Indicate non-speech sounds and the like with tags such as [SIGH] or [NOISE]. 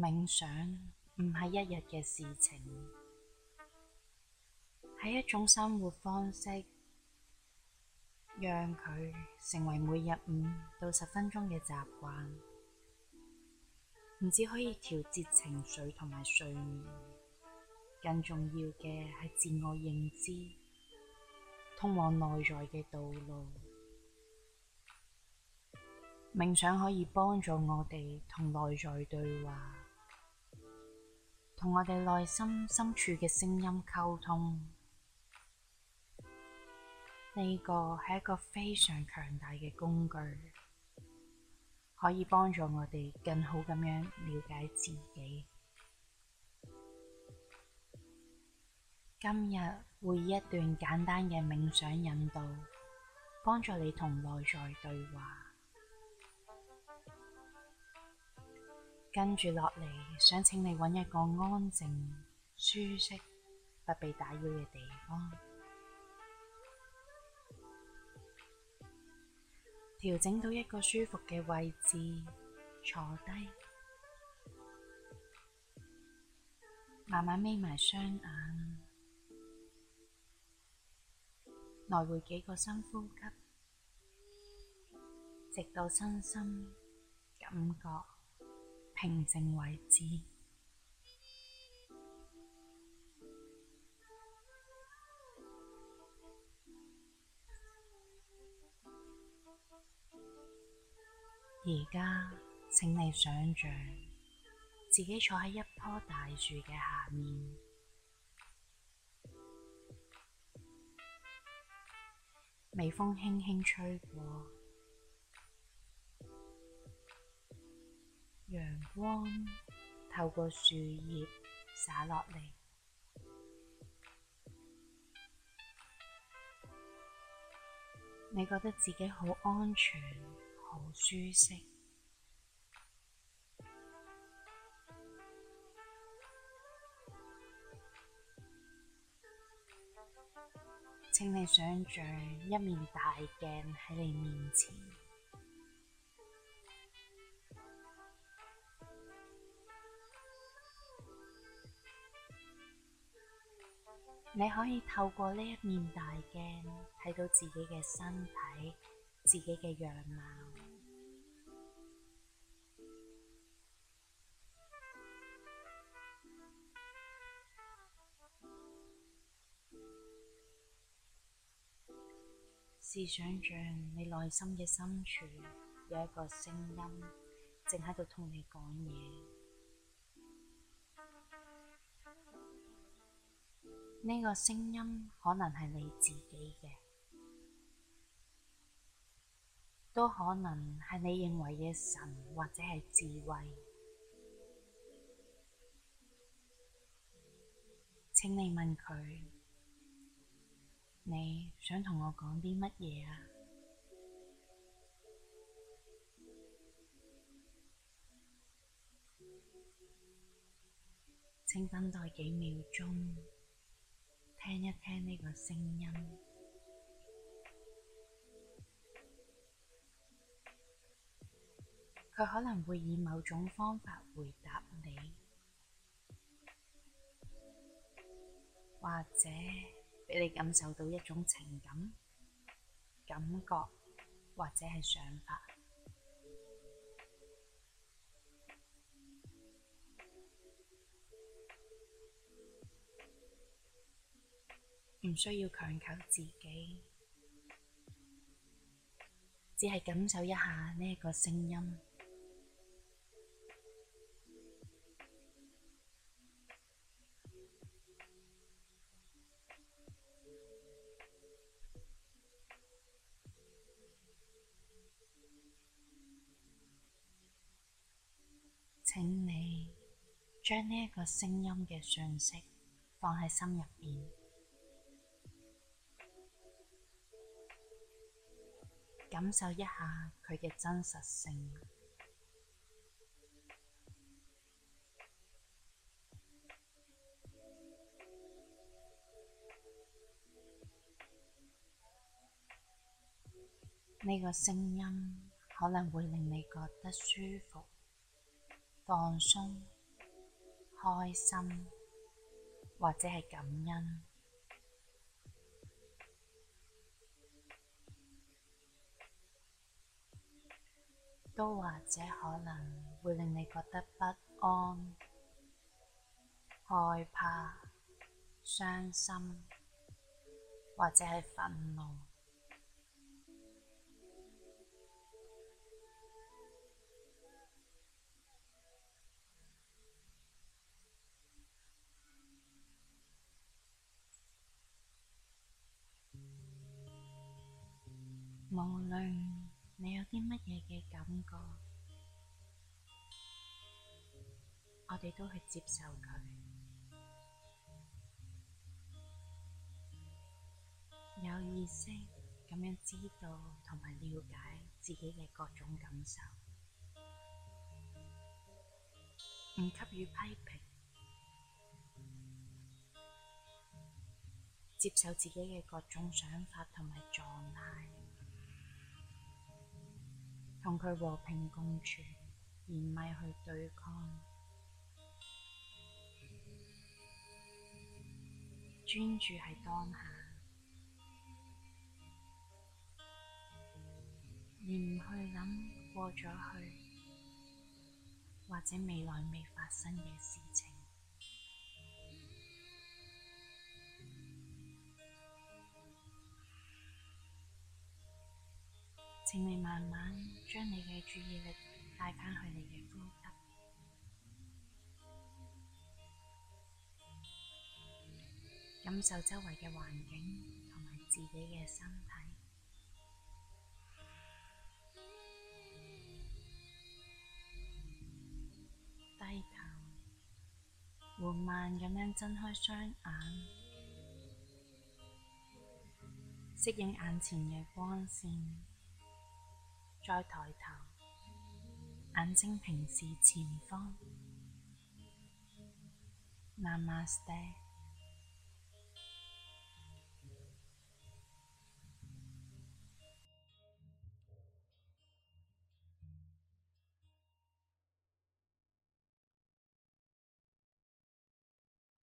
冥想唔係一日嘅事情，係一種生活方式，讓佢成為每日五到十分鐘嘅習慣。唔止可以調節情緒同埋睡眠，更重要嘅係自我認知，通往內在嘅道路。冥想可以幫助我哋同內在對話。同我哋內心深處嘅聲音溝通，呢、這個係一個非常強大嘅工具，可以幫助我哋更好咁樣了解自己。今日會以一段簡單嘅冥想引導，幫助你同內在對話。跟住落嚟，想請你揾一個安靜、舒適、不被打擾嘅地方，調整到一個舒服嘅位置，坐低，慢慢眯埋雙眼，來回幾個深呼吸，直到身心感覺。平靜位置。而家請你想像自己坐喺一棵大樹嘅下面，微風輕輕吹過。陽光透過樹葉灑落嚟，你覺得自己好安全、好舒適。請你想象一面大鏡喺你面前。你可以透過呢一面大鏡睇到自己嘅身體、自己嘅樣貌。 [MUSIC] 試想像你內心嘅深處有一個聲音，正喺度同你講嘢。呢個聲音可能係你自己嘅，都可能係你認為嘅神或者係智慧，請你問佢，你想同我講啲乜嘢呀？請等待幾秒鐘。聽一聽呢個聲音，佢可能會以某種方法回答你，或者俾你感受到一種情感、感覺，或者係想法。唔需要強求自己，只係感受一下呢一個聲音。請你將呢一個聲音嘅訊息放喺心入面。感受一下佢嘅真實性。呢個聲音可能會令你覺得舒服、放鬆、開心，或者係感恩。都或者可能會令你覺得不安、害怕、傷心，或者係憤怒。無論，你有啲乜嘢嘅感覺？我哋都去接受佢，有意識咁樣知道同埋了解自己嘅各種感受，唔給予批評，接受自己嘅各種想法同埋狀態。同佢和，和平共處，而唔係去對抗。專注喺當下，而唔去諗過咗去或者未來未發生嘅事情。請你慢慢。將你嘅注意力帶返去你嘅呼吸，嗯、感受周圍嘅環境同埋自己嘅身體，嗯、低頭，緩慢咁樣睜開雙眼，適應眼前嘅光線。再抬頭，眼睛平視前方。慢慢。m